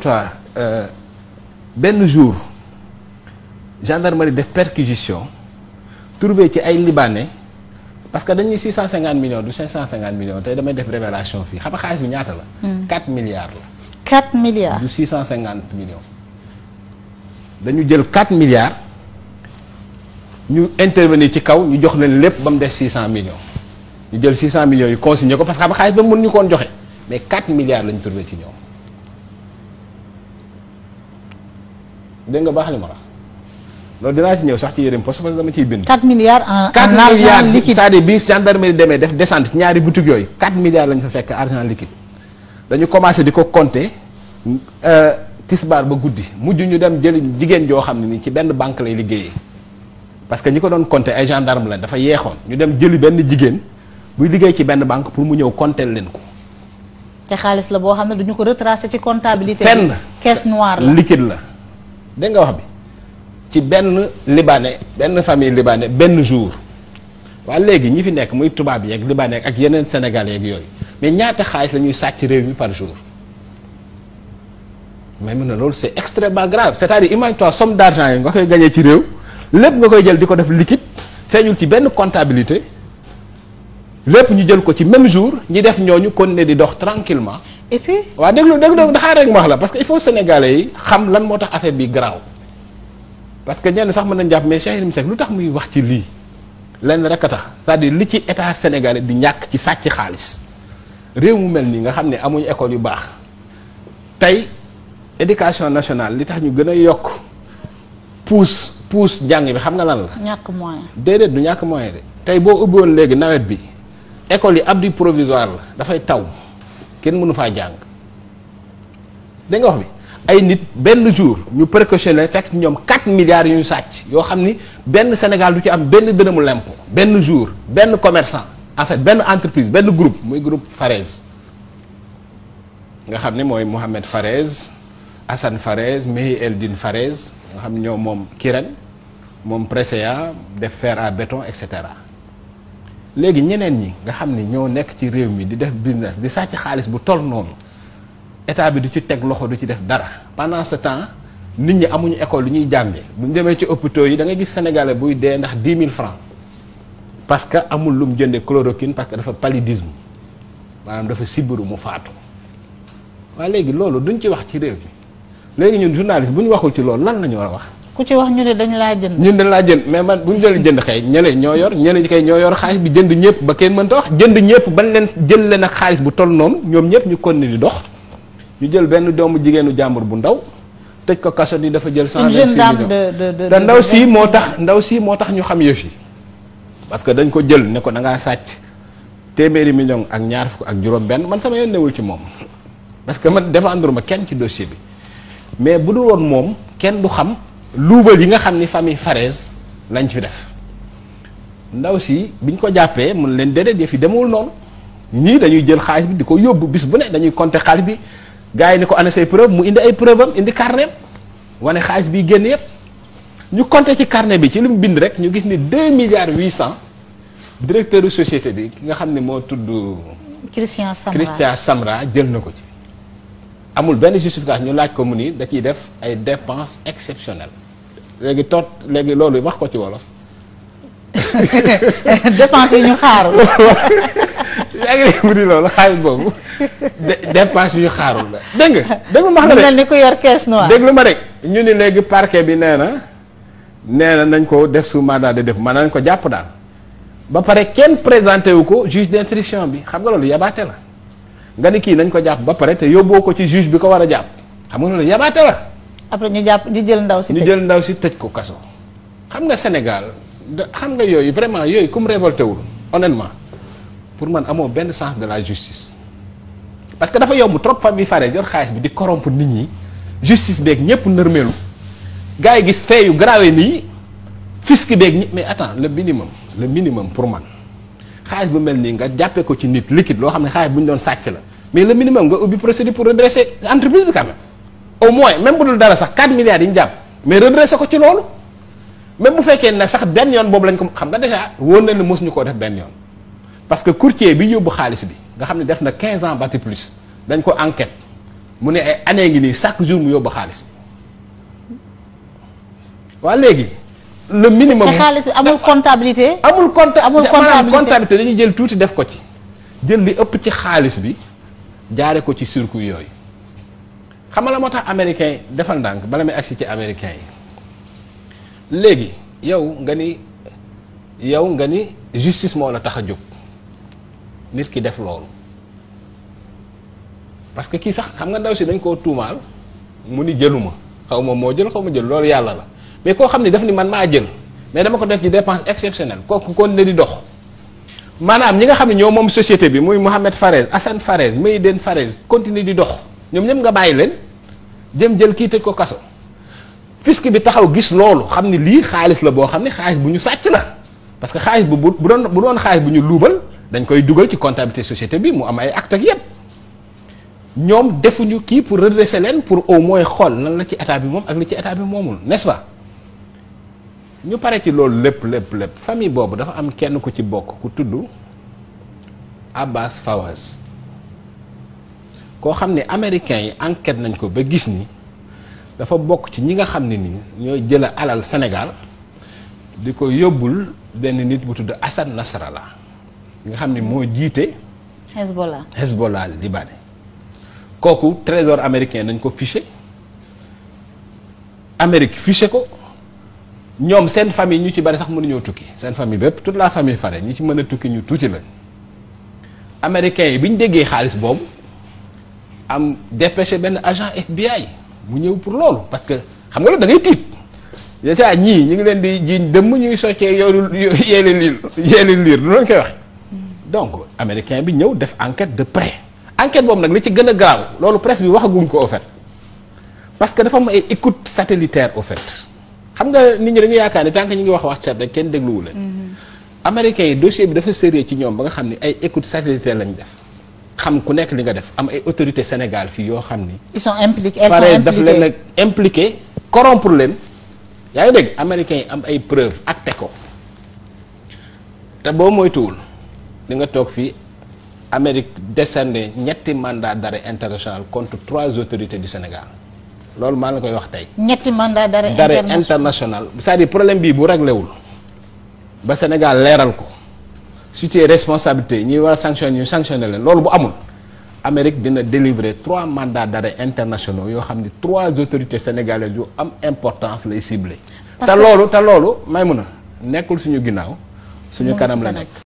toi euh, benn jour gendarmerie def perquisition trouvé ci ay libanais parce que dañuy 650 millions du 550 millions tey damay def révélation fii xam nga xaalis bi ñaata la. 4 hmm. milliards la. 4 milliards du 650 millions. dañu jël 4 milliards ñu intervenir ci kaw ñu jox leen lépp ba mu des 600 millions ñu jël 600 millions yi consigné ko parce que xam nga xaalis ñu koon joxe mais 4 milliards lañ trouvé ci ñoom. dégg nga baax li ma wax loolu dinaa ci ñëw sax ci yërim poste parce que dama ciy bind. 4 milliards en en liquide 4 milliards c'est-à-dire demee def descente ci ñaari boutique yooyu 4 milliards lañ fa fekk argent liquide dañu commencé di ko compter euh, tisbaar ba guddi mujj ñu dem jëli jigéen joo xam ne ni ci benn banque lay liggéeyee parce que ñi ko doon compter ay gendarme lañ dafa yeexoon ñu dem jëli benn jigéen buy liggéey ci benn banque pour mu ñëw compter leen ko. te xaalis la boo xam ne duñu ko retracer ci comptabilité. fenn caisse noire la liquide la. dégg nga wax bi ci benn libane benn famille libanais benn jour waa léegi ñi fi nekk muy tubaab yeeg libanais ak yeneen sénégalais yeeg yooyu mais ñaata xaalis la ñuy sàcc réew mi par jour mais mun na loolu c'est extrêmement grave c'est-à-dire imagine-toi somme d'argent yi nga koy gañee ci réew lépp nga koy jël di ko def liquide feeñul ci benn comptabilité lépp ñu jël ko ci même jour ñi def ñooñu kon ne di dox tranquillement et puis. waaw déglu déglu daxaar ma wax la parce que il faut sénégalais yi xam lan moo tax affaire bi garaaw parce que ñenn sax mën nañ jàpp mais Cheikh Yérim Seck lu tax muy wax ci lii lenn rek a tax c'est-à-dire li ci état sénégalais di ñàkk ci sàcc xaalis réew mu mel nii nga xam ne amuñ école yu baax tey éducation nationale li tax ñu gën a yokk pousse pousse njàng bi xam nga lan la. ñàkk moyen. déedéet du ñàkk moyen de tey boo ubbiwoon léegi nawet bi école yi abri provisoire la dafay taw. kenn mënu faa jàng dégg wax bi ay nit benn jour ñu précautionné fekk ñoom 4 milliards yu ñu sàcc yoo xam ni benn Sénégal du ci am benn dërëmu lempo benn jour benn commerçant en fait benn entreprise benn groupe muy group faraise nga xam ni mooy Mohamed faraise Hassan Farez Mehi din faraise nga xam ñoo moom Kiren moom Presea def fer à béton et cetera. léegi ñeneen ñi nga xam ni ñoo nekk ci réew mi di def business di sàcc xaalis bu toll noonu état bi du ci teg loxo du ci def dara pendant ce temps nit ñi amuñu école lu ñuy jàngee buñ demee ci hôpitaux yi da ngay gis sénégalais buy dee ndax 10 000 francs parce que amul lum jëndee chloroquine parce que dafa paludisme maanaam dafa sibiru mu faatu waaye léegi loolu duñ ci wax ci réew mi léegi ñun journaliste bu ñu waxul ci loolu lan la ñu war a wax. ku ci wax ñu ne dañ laa jënd. ñun dañ laa jënd mais man bu ñu doon jënd xëy ñële ñoo yor ñële kay ñoo yor xaalis bi jënd ñëpp ba kenn mënta wax jënd ñëpp ban leen jël leen ak xaalis bu toll noonu ñoom ñëpp ñu kon di dox ñu jël benn doomu jigéenu jàmbur bu ndaw tëj ko kaso ni dafa jël. cent vingt six ndaw si moo tax ndaw si moo tax ñu xam yëf yi parce que dañ ko jël ne ko da sàcc téeméeri million ak ñaar fukk ak juróom-benn man sama yoon newul ci moom parce que man défendre ma kenn ci dossier bi mais bu dul woon moom kenn du xam luubal yi nga xam ni famille Farès lañ fi def ndaw si biñ ko jàppee mun leen déedéet yëf yi demewul noonu ñii dañuy jël xaalis bi di ko yóbbu bis bu ne dañuy compter xaalis bi gars yi ni ko ana say preuve mu indi ay preuve am indi carnet wane xaalis bi génn yëpp ñu compter ci karne bi ci li mu bind rek ñu gis ni 2 milliards 800 directeur de société bi ki nga xam ne moo tudd. Christian Samra Christian jël na ko ci. amul benn justification ñu laaj ko mu ni da ciy def ay dépenses exceptionnelles. léegi toot léegi loolu wax ko ci wolof. dépense yi ñu xaarul. yaa ngi lay mu di loolu boobu dépense yu ñu xaarul la dégg nga. déglu ma xam ne mel ni ku yor caisse noire. déglu ma rek ñu ni léegi parke bi nee na nee na nañ ko def sous mandat de dépôt maanaam nañ ko jàpp daal ba pare kenn présenté wu ko juge d'instruction bi xam nga loolu yabaate la nga ni kii nañ ko jàpp ba pare te yóbboo ko ci juge bi ko war a jàpp xam nga loolu yabaate la. après ñu jàpp ñu jël ndaw si. ñu jël ndaw si tëj ko kaso. xam nga Sénégal da xam nga yooyu vraiment yooyu ku mu révolté wul pour man amoo benn sens de la justice. parce que dafa yomb trop famille faree jor xaalis bi di corrompre nit ñi justice beeg ñëpp nërmeelu gars yi gis fee yu grave nii fisc beeg ñëpp mais attends le minimum le minimum pour man xaalis bu mel nii nga jàppee ko ci nit liquide loo xam ne xaalis bu ñu doon sàcc la mais le minimum nga ubbi procédure bi quand au moins même bu dul dara sax 4 milliards yi ñu jàpp mais redressé ko ci loolu même bu fekkee nag sax benn yoon boobu lañ ko xam nga déjà wóor na ne mosuñu koo def benn yoon parce que courtier bi yóbbu xaalis bi nga xam ne def na quinze ans bati plus dañ ko enquête mu ne ay année ngi nii chaque jour mu yóbbu xaalis bi waa léegi. le minimum te xaalis bi amul comptabilité. amul compta amul comptabilité dañuy jël tuuti def ko ci jël li ëpp ci xaalis bi jaare ko ci surcoût yooyu. xam nga la moo tax américain yi defal ndànk bala may agsi ci américain yi léegi yow nga ni yow nga ni justice moo la tax a jóg nit ki def loolu parce que kii sax xam nga ndaw si dañ koo tuumaal mu ni jëlu ma xaw ma moo jël xaw ma jël loolu yàlla la mais koo xam ni daf ni man maa jël mais dama ko def ci dépense exceptionnelle kooku kon ne di dox maanaam ñi nga xam ne ñoo moom société bi muy Mohamed Farez Hassan Farez den Farez continuer di dox ñoom ñëpp nga bàyyi leen jëm jël kii tëj ko kaso fisc bi taxaw gis loolu xam ni lii xaalis la boo xam ne xaalis bu ñu sàcc la parce que xaalis bu bu doon bu doon xaalis bu ñu luubal dañ koy dugal ci comptabilité société bi mu am ay acte ak yépp ñoom defuñu kii pour redresser leen pour au moins xool nan la ci état bi moom ak li ci état bi moomul n'est-ce ñu pare ci loolu lépp lépp lépp famille boobu dafa am kenn ku ci bokk ku tudd Abbas Fawaz koo xam ne américains yi enquête nañ ko ba gis ni dafa bokk ci ñi nga xam ne nii ñoo jëla alal senegal di ko yóbbul benn nit bu tudd Hassan Nasrallah nga xam ne moo jiite. Hezbollah Hezbollah libanais kooku trésor américain nañ ko fiché Amérique fiché ko ñoom seen famille ñu ci bari sax mënuñoo tukki seen famille bépp tout la famille fare ñi ci mën a tukki ñu tuuti lañ américains yi bi ñu déggee xaalis boobu. am dépêché benn agent FBI mu ñëw pour loolu parce que xam nga loolu da ngay tiit déjà ñii ñu ngi leen di jiiñ dëmm ñuy soccee yoolu yeeli liir yeeli liir lu leen koy wax donc américain bi ñëw def enquête de près enquête boobu nag li ci gën a grave loolu presse bi waxaguñ ko au fait parce que dafa am ay écoute satellitaire au fait xam nga nit ñi dañu yaakaar ne tant ñu ngi wax wax ceeb rek kenn dégluwu leen mm-hmm. américain yi dossier bi dafa sérieux ci ñoom ba nga xam ne ay écoute satellitaire lañ def xam ku nekk li nga def am ay autorité Sénégal fii yoo xam ni. ils sont impliqués elles daf leen nag impliqué corrompre leen. yaa ngi dëgg américains yi am ay preuves acté ko te boo moytuwul di nga toog fii Amérique décerné ñetti mandat d'arrêt international contre trois autorités du Sénégal loolu maa la koy wax tey. ñetti mandat d'arrêt international d'arrêt international cest problème bii bu réglé ba Sénégal leeral ko. su situer responsabilité ñuy war a sanctionné ñu sanctionné leen loolu bu amul Amérique dina délivrer trois mandats d'arrêt internationaux yoo xam ni trois autorités sénégalaises yu am importance lay ciblé. te loolu te loolu may mun a nekkul suñu ginnaaw. suñu kanam la nekk.